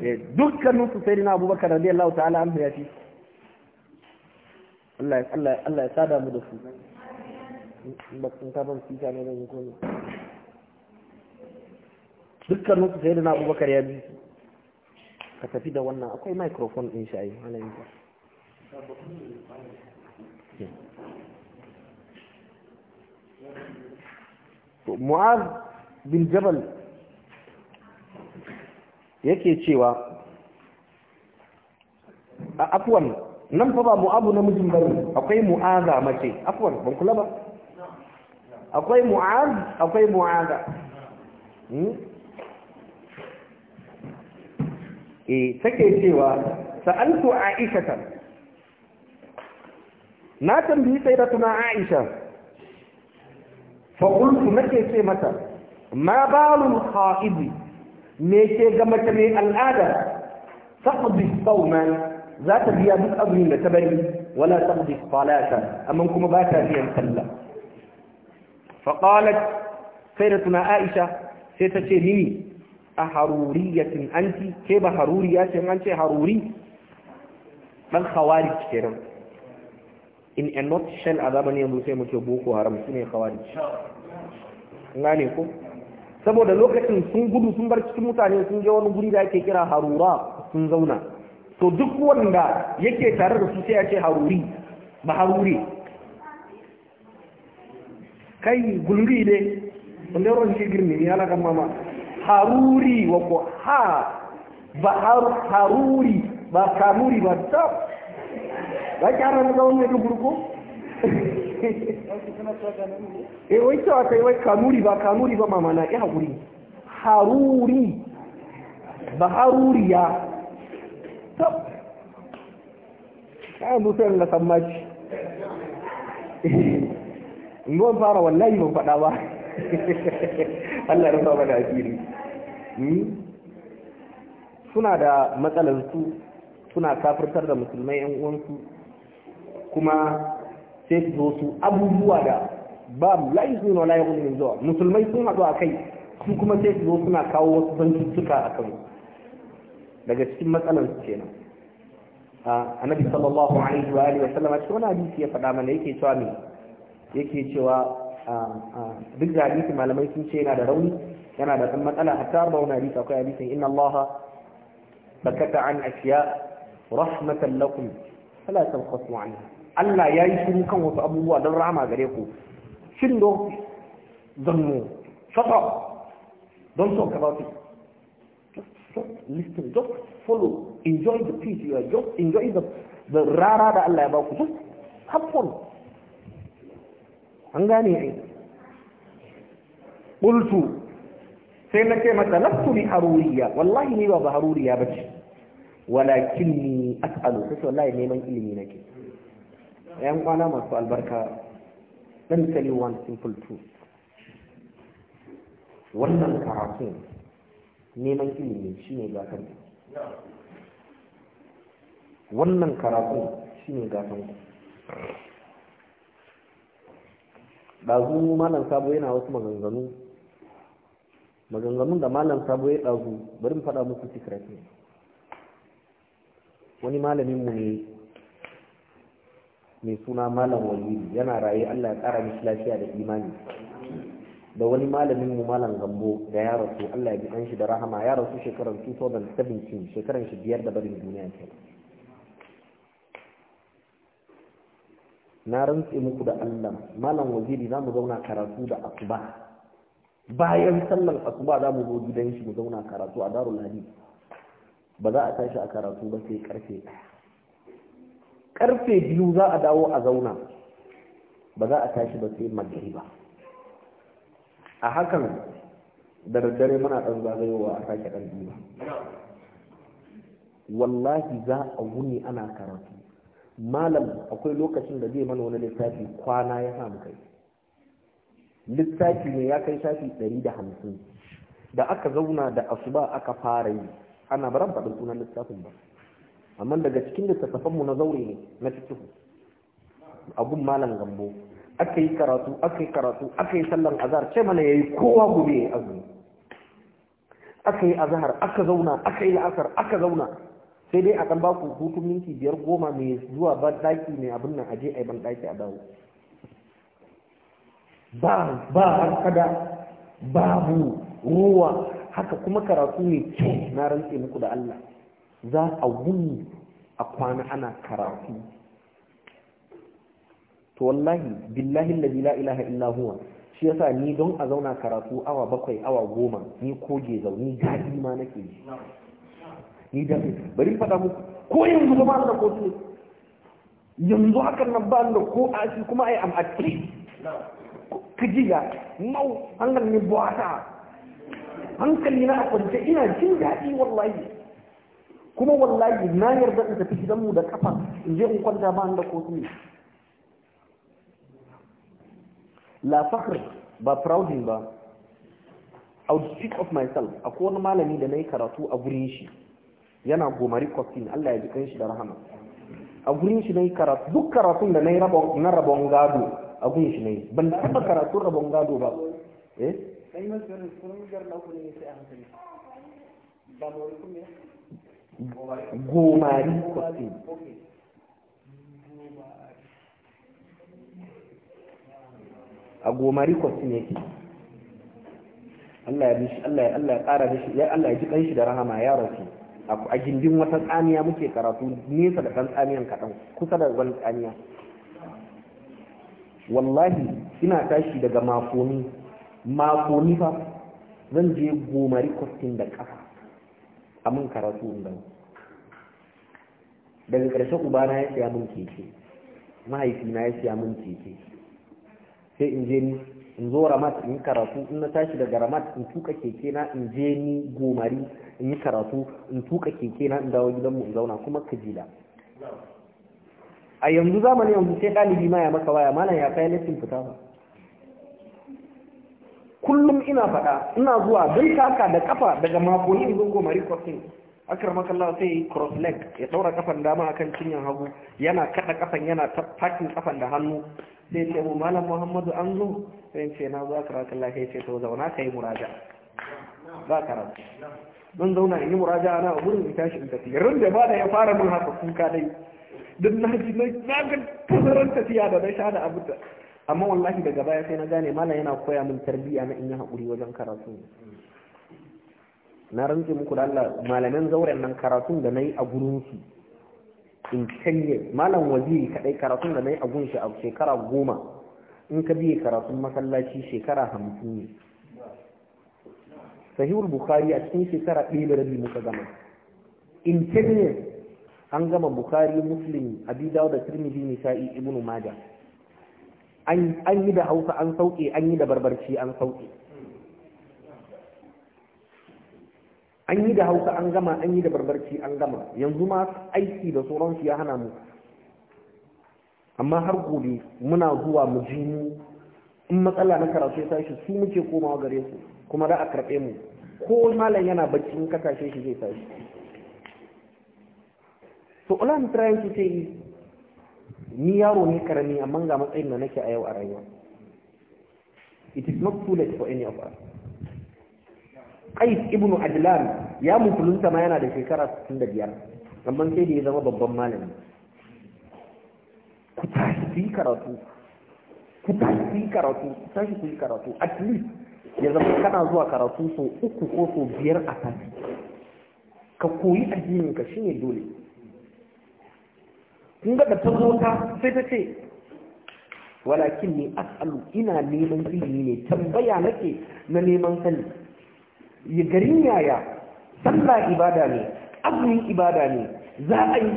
Eh, dukkanin su sai dina abubakar radiyallahu ta'ala an ya fi Allah ya sada mu da su bakin su ta ne zai kone dukkanin su sai dina abubakar ya bi ka tafi da wannan akwai microphone din yi halayen ka mu'ar bin Jabal yake cewa a afwan nan fa ba mu'abu namijin bari akwai mu'aza mace afwan ban kula ba akwai mu'az akwai mu'aza e take cewa sa'altu aisha na tambayi tuna aisha fa qultu nake ce mata ma balul khaibi me ke ga mace mai al'ada taqdi sawman za ta biya duk abin da ta bari wala taqdi salata amma kuma ba ta biyan sallah fa qalat sayyidatuna aisha sai ta ce mini a haruriyatin anti ke ba haruriya ce an ce haruri dan khawarij kenan in a nutshell a zamanin yanzu sai muke boko haram su ne khawarij ngane ko saboda lokacin sun gudu sun bar cikin mutane sun je wani guri da ake kira harura sun zauna to duk wanda yake tare da su sai ya ce haruri ba haruri kai guluri ne wanda yawon shi girmi ya kan mama haruri wa ko ha ba haruri ba kamuri ba ta ba na zaune da gurgu eh wai cewa yi wai kanuri ba kanuri ba mama na ya haƙuri haruri ba haruriya tab kayan musayin na san maci ruwan fara wallahi ban faɗa ba Allah ya rufa da asiri hmm? suna da matsalarsu, suna kafirtar da musulmai yan uwansu kuma sai su su abubuwa da ba la yusun wala yaqulu min zuwa musulmai sun haɗu a kai su kuma sai su suna kawo wasu suka a kan daga cikin matsalar su kenan annabi sallallahu alaihi wa alihi wa sallama cikin wani hadisi ya faɗa mana yake cewa me yake cewa duk da hadisi malamai sun ce yana da rauni yana da ɗan matsala hatta ba wani hadisi akwai hadisin inna allaha bakata an ashiya rahmatan lakum fala anha Allah ya yi shiru kan wasu abubuwa don rama gare ku shin do zannu shata Don talk about it just, stop listening just follow enjoy the peace you are just enjoy the the rara da Allah ya ba ku just have fun an gane ai qultu sai na ce mata lastu bi haruriya wallahi ni ba ba haruriya bace walakinni as'alu sai wallahi neman ilimi nake yan kwana masu albarka ɗan tali one simple two, wannan karatun neman ilimi shine gatan wannan karatun shine gatan ku ɗazu malam sabo yana wasu maganganu maganganun da malam sabo ya ɗazu bari mu faɗa muku secret ne wani malamin mu ne mai suna malam walidu yana raye allah ya kara mishi lafiya da imani da wani malamin mu malam gambo da ya rasu allah ya bi ɗan shi da rahama ya rasu shekarar 2017 shekarar shi biyar da barin duniya ke na rantse muku da allah malam waziri za mu zauna karatu da asuba bayan sallan asuba za mu zo gidan shi mu zauna karatu a darul hadith ba za a tashi a karatu ba sai karfe ɗaya karfe biyu za a dawo a zauna ba za a tashi ba sai ba a hakan da daddare muna ɗan zagayowa a sake ɗan duba wallahi za a wuni ana karatu malam akwai lokacin da zai mana wani littafi kwana ya samu kai littafi ne ya kai shafi ɗari da hamsin da aka zauna da asuba aka fara yi ana baran faɗin sunan littafin ba amma daga cikin littattafanmu na zaure ne na fikihu abun malam gambo aka yi karatu aka yi karatu aka yi sallan azhar ce mana yayi kowa gobe yayi azumi aka yi azhar aka zauna aka yi asar aka zauna sai dai a dan baku hutun minti biyar goma mai zuwa ban daki mai abin nan aje ai ban daki a dawo ba ba kada babu ruwa haka kuma karatu ne kyau na rantse muku da Allah za a wuni a kwana ana karatu to wallahi billahi la ilaha illa huwa shi yasa ni don a zauna karatu awa bakwai awa goma ni koge zauni daɗi ma nake yi ni da bari faɗa muku ko yanzu ba da kotu yanzu haka nan ba da ko a shi kuma ai am atri ga mau hankali ne buwata hankali na kwance ina jin daɗi wallahi kuma wallahi na yarda in tafi gidanmu da kafa in je in kwanta ba da ko ne la fakhr ba prouding ba i would speak of myself akwai wani malami da na yi karatu a gurin shi yana gomari kwafin Allah ya ji kanshi shi da rahama a gurin shi na yi karatu duk karatun da na yi na rabon gado a gurin shi na yi ban taɓa karatun rabon gado ba eh? Kai masu garin gar garna ku ne sai a hankali. Ba mawari ne? gomari cocktail a gomari cocktail yake Allah ya Allah ya Allah da shi. ya Allah ya ji kanshi da rahama ya rasu a gindin wata tsamiya muke karatu nesa da kan tsamiyan kaɗan kusa da wani tsamiya wallahi ina tashi daga makoni makoni fa zan je gomari kwastin da ƙafa a mun karatu in dawo daga ƙarshe ubana ya siya min keke mahaifina ya siya mun keke sai in je ni in zo ramat in karatu in na tashi daga ramat in tuka keke na in je ni gomari in yi karatu in tuka keke na in dawo gidanmu in zauna kuma kajila a yanzu zamani yanzu sai ɗalibi ma ya maka waya malam ya kai lissin fita ba kullum ina faɗa ina zuwa don taka da kafa daga makoni zo gomari kwafin akramaka Allah sai cross leg ya daura kafan dama akan cinyan hagu yana kada kafan yana fatin kafan da hannu sai ce mu malam Muhammadu an zo sai ce na zo akramaka Allah sai ce to zauna kai muraja za ka rabu don zauna in yi muraja ana a gurin tashi in tafi ran da ba da ya fara mun haka kuka dai duk na ji na ga tazaran tafiya da na sha da abu amma wallahi daga baya sai na gane malam yana koya min tarbiyya na in yi haƙuri wajen karatu na rantse muku da Allah malaman zauren nan karatun da nayi a gurin in canye malam waziri kaɗai karatun da nayi a gunshi a shekara goma in ka biye karatun masallaci shekara hamsin ne sahihul bukhari a cikin shekara ɗaya da rabi muka gama in canye an gama bukhari muslim abi dawud da tirmidhi nisa'i ibnu majah an yi da hausa an sauke an yi da barbarci an sauke an yi da hausa an gama an yi da barbarci an gama yanzu ma aiki da sauransu ya hana mu amma har gobe muna zuwa mu ji mu in matsala na karatu ya tashi su muke komawa gare su kuma da a karɓe mu ko malam yana bacci in kasashe shi zai tashi to ulama I'm su ce ni yaro ne karami amma ga matsayin da nake a yau a rayuwa it is not too late for any of us qais ibnu adlan ya mutulunta ma yana da shekara 65 amma sai da ya zama babban malami ku tashi ku yi karatu ku tashi ku yi karatu ku tashi ku yi karatu at least ya zama kana zuwa karatu so uku ko so biyar a sati ka koyi addinin ka shine dole kun ga da ta zo sai ta ce walakin ni as'alu ina neman ilimi ne tambaya nake na neman sani ya garin yaya sallah ibada ne azumi ibada ne za a yi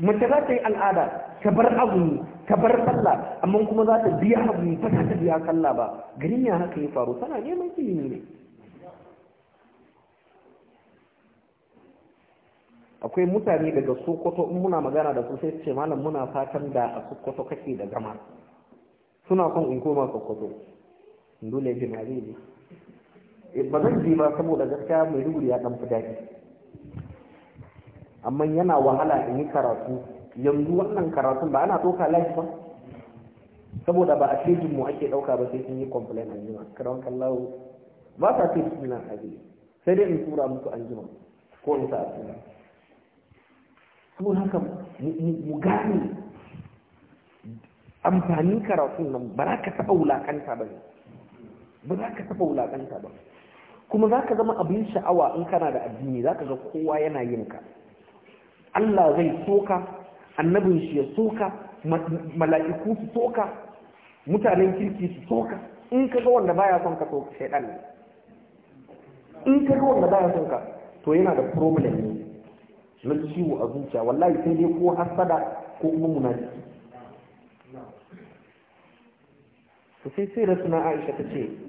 mace za ta yi al'ada ka bar azumi ka bar sallah amma kuma za ta biya azumi ba ta biya sallah ba garin ya haka ya faru tana neman ilimi ne akwai mutane daga sokoto in muna magana da su sai ce malam muna fatan da a sokoto kake da gama suna son in koma sokoto dole ne Eh, ba zan je ba saboda gaskiya mai ruri ya dan fi daɗi amma yana wahala in yi karatu yanzu wannan karatun ba ana ɗauka live ba saboda ba a shejin mu ake ɗauka ba sai sun yi complain an jima karon kallawo ba sa ce na haɗe sai dai in tura musu an jima ko in sa a tura saboda haka mu gane amfanin karatun nan ba za ka taɓa wulaƙanta ba ne ba za ka taɓa wulaƙanta ba kuma za ka zama abin sha'awa in kana da addini za ka ga kowa yana yin ka Allah zai soka annabin shi ya soka mala'iku su soka mutanen kirki su soka in ka ga wanda baya son ka to shaidan ne in ka ga wanda baya son ka to yana da problem ne na ciwo a zuciya wallahi sai dai ko hasada ko kuma munafiki to sai sai rasuna Aisha ta ce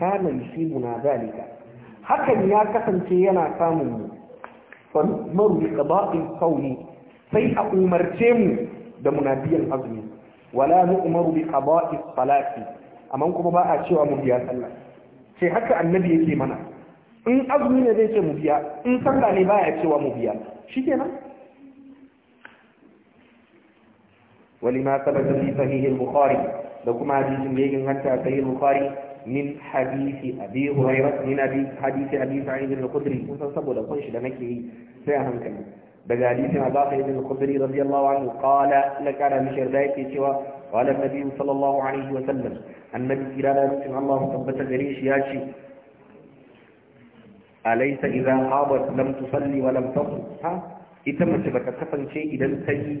كان يصيبنا ذلك حتى ya kasance yana samun mu فنؤمر بقضاء الصوم سيء أمرتم دمنابيا الأزمي ولا نؤمر بقضاء الصلاة أما أنكم بقى أشياء مبيا صلى شيء حكى النبي يجي منا إن أزمي لديك مبيا إن صلى لباء أشياء مبيا شيء كنا ولما ثبت في صحيح البخاري لكم عزيز بيجن حتى صحيح البخاري من حديث أبي هريرة من أبي حديث أبي سعيد الخدري القدري وسنصب لو كنش دمك ساهم كلمة بجاليس عباس بن الخدري رضي الله عنه قال لك على مشير دايتي سوى قال النبي صلى الله عليه وسلم النبي كلا لا يمكن الله ثبت يا ياشي أليس إذا خابت لم تصلي ولم تصل ها؟ إذا ما سبك كفن شيء إذا انتهي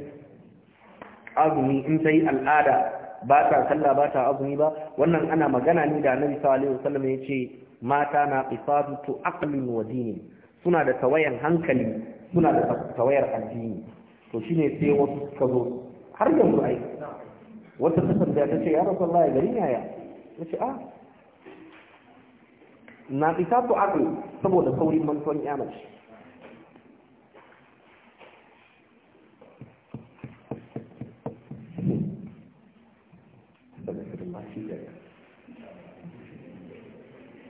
أغني انتهي الآلة ba ta sallah ba ta azumi ba wannan ana magana ne da annabi sallallahu alaihi wasallam ya ce mata na qisatu aqli wa dini suna da tawayan hankali suna da tawayar addini to shine sai wasu suka zo har yanzu ai wata ta tambaya ta ce ya rasulullahi gari ne ya ce a ah, na qisatu aqli saboda saurin mantuwan yamaci ma shi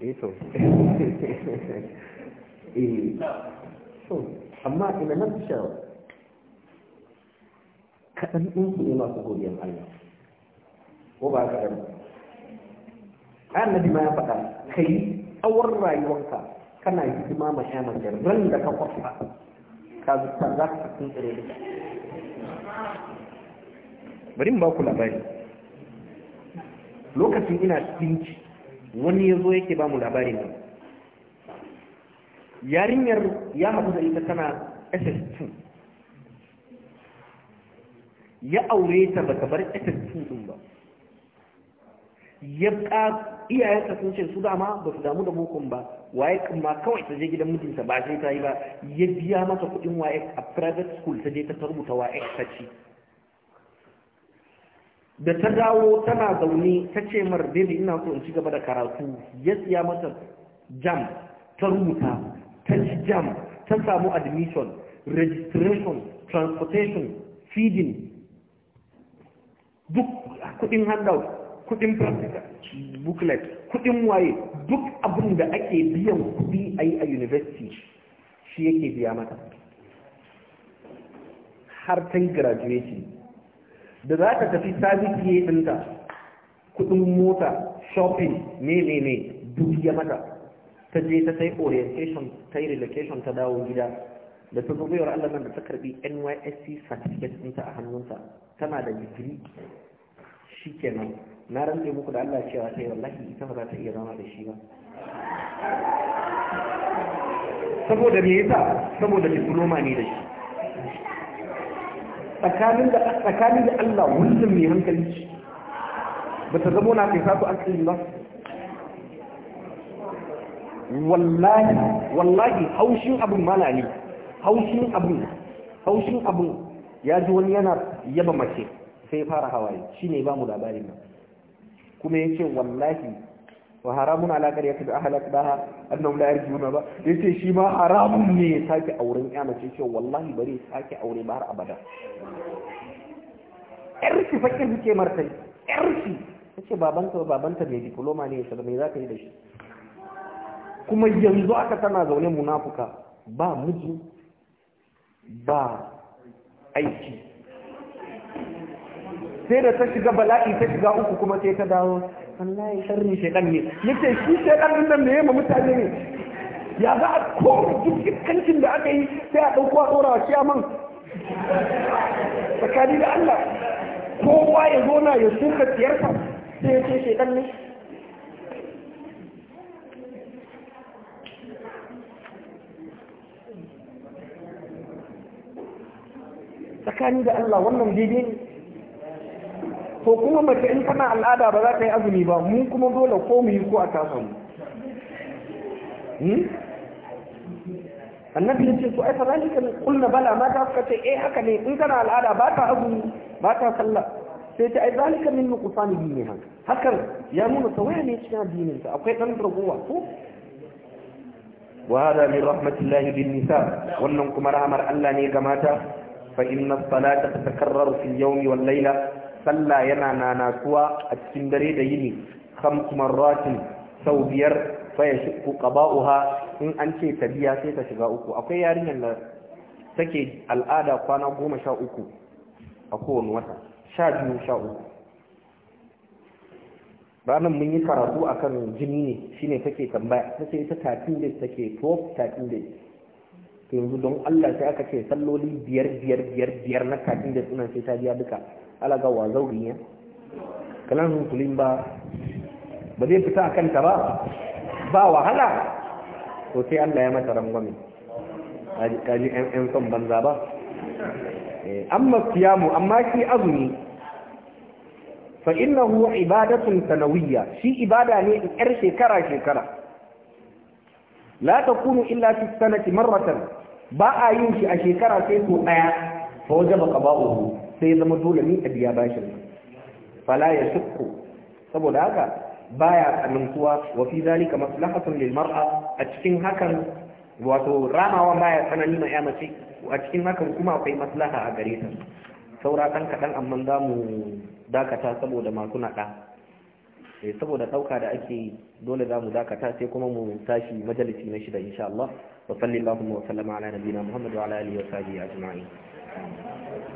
eto eh so eh. ina shawar Allah ko ba ka annabi ma ya faɗa kai tsawon rayuwarka kana hidima ma ran da ka kwafa ka zuta za ka bari mu ba ku labari lokacin ina tsinci wani ya zo yake ba mu labarin nan yarinyar ya haɗu da ita tana ss2 ya aure ta ba ta bar ss2 ɗin ba ya ƙa iyayensa sun ce su dama ba su damu da bokon ba waye kuma kawai ta je gidan mijinta ba sai ta yi ba ya biya masa kuɗin waye a private school ta je ta tarbuta waye ta ci da ta dawo tana zaune ta ce mar ina so in ci gaba da karatu ya siya mata jam ta rubuta ta ci jam ta samu admission registration transportation feeding duk kudin handout kudin practical booklet kudin waye duk abin da ake biyan kudi a yi a university shi yake biya mata har ta yi graduating da za ka tafi sabiti ɗinka kuɗin mota shopping ne ne ne duk ya mata ta je ta sai orientation ta yi relocation ta dawo gida da ta zubayar Allah nan da ta karbi NYSC certificate ɗinta a hannunta tana da digiri shi kenan na rantse muku da Allah cewa ta yi wallahi ita ba za ta iya zama da shi ba saboda me yasa saboda diploma ne da shi tsakanin da tsakanin da Allah wannan mai hankali ce ba ta zama na kai sa su an ba wallahi wallahi haushin abin mana ne haushin abin haushin abin ya ji wani yana yaba mace sai fara hawaye shine ba mu labarin nan kuma yace wallahi wa haramun ala qaryati bi annan da la juna ba yace shi ma haramun ne ya sake auren ya mace ce wallahi bari ya sake aure ba har abada yarki fakir suke martai yarki ce babanta babanta mai diploma ne ya mai me ka yi da shi kuma yanzu aka tana zaune munafuka ba miji ba aiki sai da ta shiga bala'i ta shiga uku kuma sai ta dawo wallahi shi shedan ne yace shi shedan din nan ne ma mutane ne ya za a duk dukkancin da aka yi sai a ɗauko a ɗora wa kiyaman tsakani da Allah kowa ya zo na ya suka siyarsa sai ya ce shedan ne tsakani da Allah wannan daidai ne ko kuma mace in tana al'ada ba za ta yi azumi ba mun kuma dole ko mu yi ko a kasa mu hmm? annabi ya ce ko to ai fadalika kulna bala ma ta suka ce eh haka ne in kana al'ada ba ta azumi ba ta sallah sai ta ai zalika min nuqsan diniha hakan ya nuna tawaya ne cikin addinin sa akwai dan ragowa ko wa hada min rahmatillahi bin nisa wannan kuma rahmar Allah ne ga mata fa inna as-salata tatakarraru fil yawmi wal layla sallah yana nanatuwa a cikin dare da yini kuma marratin sau biyar fa yashqu qaba'uha in an ce ta biya sai ta shiga uku akwai yarinyar da take al'ada kwana goma sha uku a kowane wata sha biyu sha uku ranar mun yi karatu akan jini ne shine take tambaya ta ce ita 13 da take 12 13 ta yanzu don Allah sai aka ce salloli biyar biyar biyar biyar na kafin da sunan sai ta biya duka alaga wa zauri ya kalan hukulin ba ba zai fita a kanta ba ba wahala to sai Allah ya mata rangwame ji yan son banza ba eh, amma siyamu amma shi azumi fa huwa ibadatun sanawiyya shi ibada ne in yar shekara shekara la kunu illa fi sanati marratan ba a yin shi a shekara sai ko daya fa wajaba qada'uhu sai zama dole ni a biya bashin nan fala ya shukku saboda haka baya kuwa wa fi zalika maslahatun lil mar'a a cikin hakan wato ramawa baya tsanani ma ya mace a cikin hakan kuma akwai maslaha a gare ta saura kan kadan amma za mu dakata saboda masu naɗa eh, saboda ɗauka da ake dole za mu dakata sai kuma mu tashi majalisi na shida insha Allah wa sallallahu wa sallama ala nabiyina Muhammad wa ala alihi wa sahbihi ajma'in